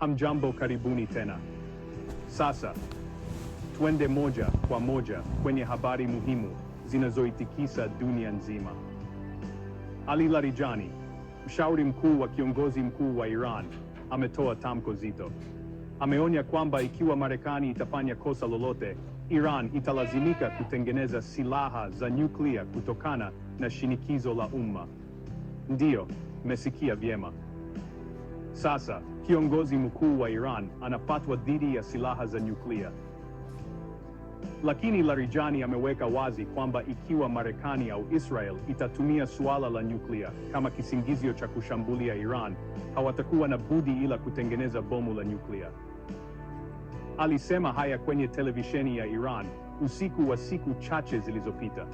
Hamjambo, karibuni tena. Sasa twende moja kwa moja kwenye habari muhimu zinazoitikisa dunia nzima. Ali Larijani, mshauri mkuu wa kiongozi mkuu wa Iran, ametoa tamko zito. Ameonya kwamba ikiwa Marekani itafanya kosa lolote, Iran italazimika kutengeneza silaha za nyuklia kutokana na shinikizo la umma. Ndiyo, mmesikia vyema. Sasa kiongozi mkuu wa Iran anapatwa dhidi ya silaha za nyuklia. Lakini Larijani ameweka wazi kwamba ikiwa Marekani au Israel itatumia suala la nyuklia kama kisingizio cha kushambulia Iran, hawatakuwa na budi ila kutengeneza bomu la nyuklia. Alisema haya kwenye televisheni ya Iran usiku wa siku chache zilizopita.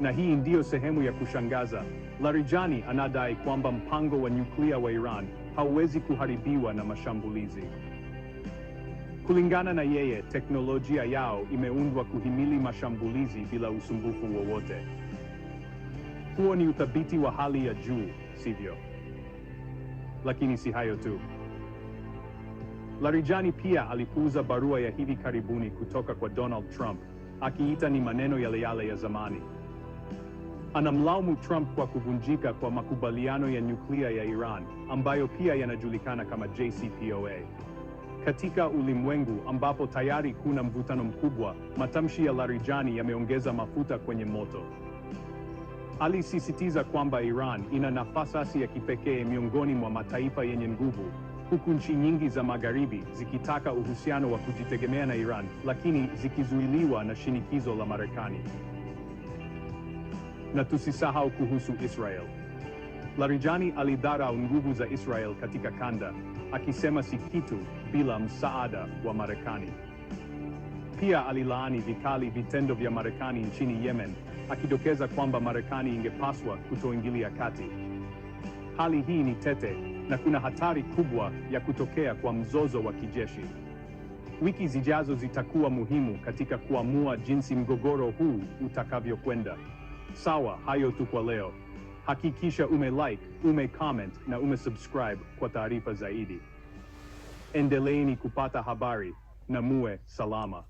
Na hii ndiyo sehemu ya kushangaza. Larijani anadai kwamba mpango wa nyuklia wa Iran hauwezi kuharibiwa na mashambulizi. Kulingana na yeye, teknolojia yao imeundwa kuhimili mashambulizi bila usumbufu wowote. Huo ni uthabiti wa hali ya juu, sivyo? Lakini si hayo tu. Larijani pia alipuuza barua ya hivi karibuni kutoka kwa Donald Trump, akiita ni maneno yale yale ya zamani anamlaumu Trump kwa kuvunjika kwa makubaliano ya nyuklia ya Iran ambayo pia yanajulikana kama JCPOA. Katika ulimwengu ambapo tayari kuna mvutano mkubwa, matamshi ya Larijani yameongeza mafuta kwenye moto. Alisisitiza kwamba Iran ina nafasi ya kipekee miongoni mwa mataifa yenye nguvu, huku nchi nyingi za Magharibi zikitaka uhusiano wa kujitegemea na Iran, lakini zikizuiliwa na shinikizo la Marekani. Na tusisahau kuhusu Israel. Larijani alidharau nguvu za Israel katika kanda, akisema si kitu bila msaada wa Marekani. Pia alilaani vikali vitendo vya Marekani nchini Yemen, akidokeza kwamba Marekani ingepaswa kutoingilia kati. Hali hii ni tete na kuna hatari kubwa ya kutokea kwa mzozo wa kijeshi. Wiki zijazo zitakuwa muhimu katika kuamua jinsi mgogoro huu utakavyokwenda. Sawa, hayo tu kwa leo. Hakikisha ume like, ume comment na ume subscribe kwa taarifa zaidi. Endeleeni kupata habari na muwe salama.